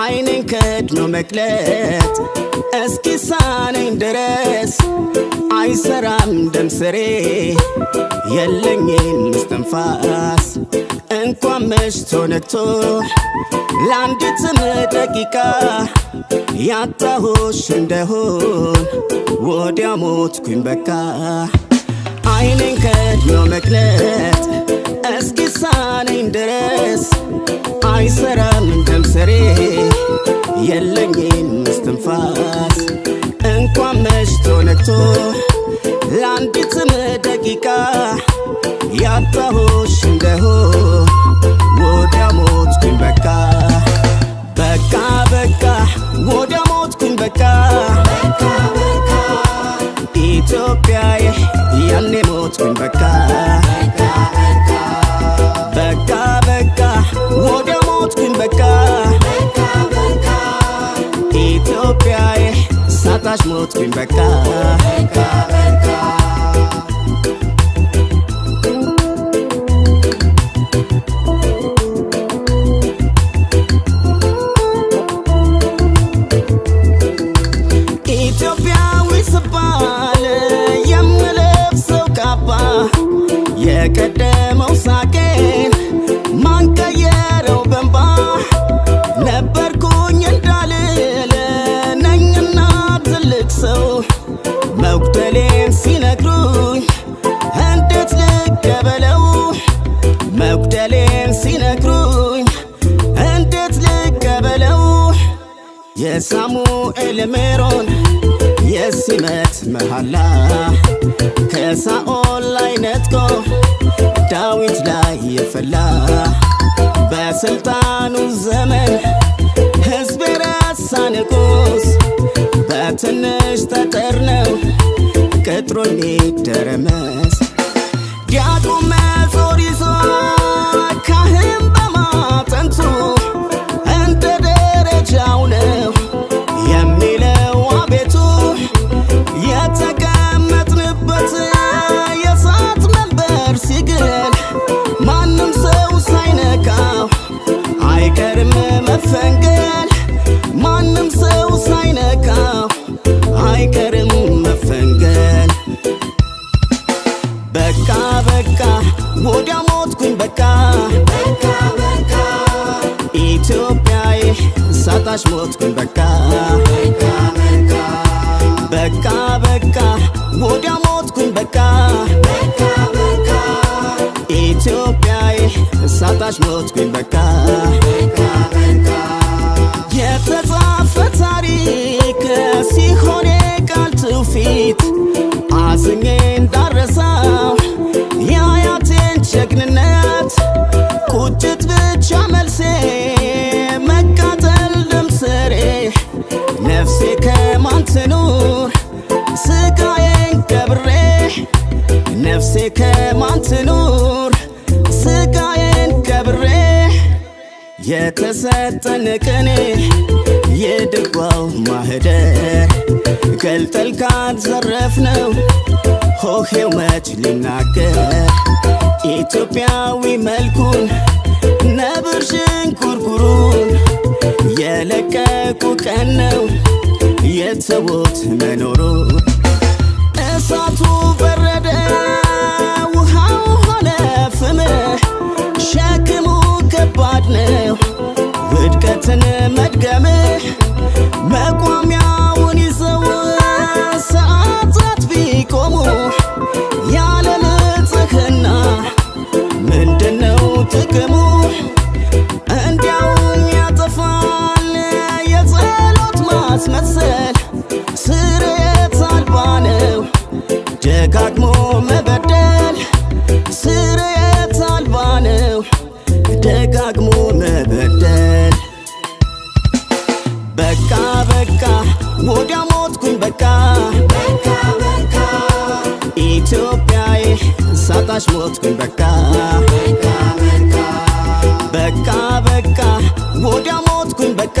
አይኔን ከድኖ መግለጥ እስኪሳነኝ ድረስ አይሰራም ደም ስሬ የለኝም ምስተንፋስ እንኳን መሽቶ ነግቶ ለአንዲትም ደቂቃ ያጣሁሽ እንደሆን ወዲያ ሞትኩኝ በቃ አይኔን ከድኖ መግለጥ እስኪሳነኝ ድረስ አይሰራም ደም ስሬ የለኝም ኢትዮጵያ ያኔ ሞትኩኝ በቃ በቃ በቃ ወደ ሞትኩኝ በቃ ኢትዮጵያዬ ሳጣሽ ሞትኩኝ በቃ ኢትዮጵያዊ ስባል የምለብሰው ካባ የቀደመው ሳቄን ማንቀየረው በንባ ነበርኩኝ እንዳልል ነኝና ትልቅ ሰው መጉደሌን ሲነግሩኝ እንዴት ልቀበለው መጉደሌን ሲነግሩኝ እንዴት ልቀበለው የሳሙኤል ሜሮን ሲመት መሃላ ከሳኦል ላይ ነጥቆ ዳዊት ላይ የፈላ በስልጣኑ ዘመን ሕዝብ ረሳ ንጉሥ በትንሽ ጠጠር ነው ቅጥሩ ሚደረመስ ሞትኩኝ በቃ ኢትዮጵያዬ ሳጣሽ ሞትኩኝ በቃ በቃ በቃ ወዲያ ሞትኩኝ በቃ ኢትዮጵያዬ ሳጣሽ ሞትኩኝ በቃ ቁጭት ብቻ መልሴ መቃጠል ደምስሬ ነፍሴ ከማን ትኑር ስቃዬን ቀብሬ ነፍሴ ከማን ትኑር ስቃዬን ቀብሬ የተሰጠን ቅኔ የድጓው ማህደር ገልጠል ነው ሆሄው መች ሊናገር ኢትዮጵያዊ መልኩን ነብር ሽንኩርኩሩን የለቀቁ ቀን ነው የተቦት መኖሩ እሳቱ በረደ ውሃው ሆነ ፍም ሸክሙ ከባድ ነው ውድቀትን መድገም ማስመሰል ስርየት አልባ ነው። ደጋግሞ መበደል ስርየት አልባ ነው። ደጋግሞ መበደል በቃ በቃ ወዲያ ሞትኩኝ በቃ ኢትዮጵያዬ ሳጣሽ ሞትኩኝ በቃ በቃ በቃ ወዲያ ሞትኩኝ በቃ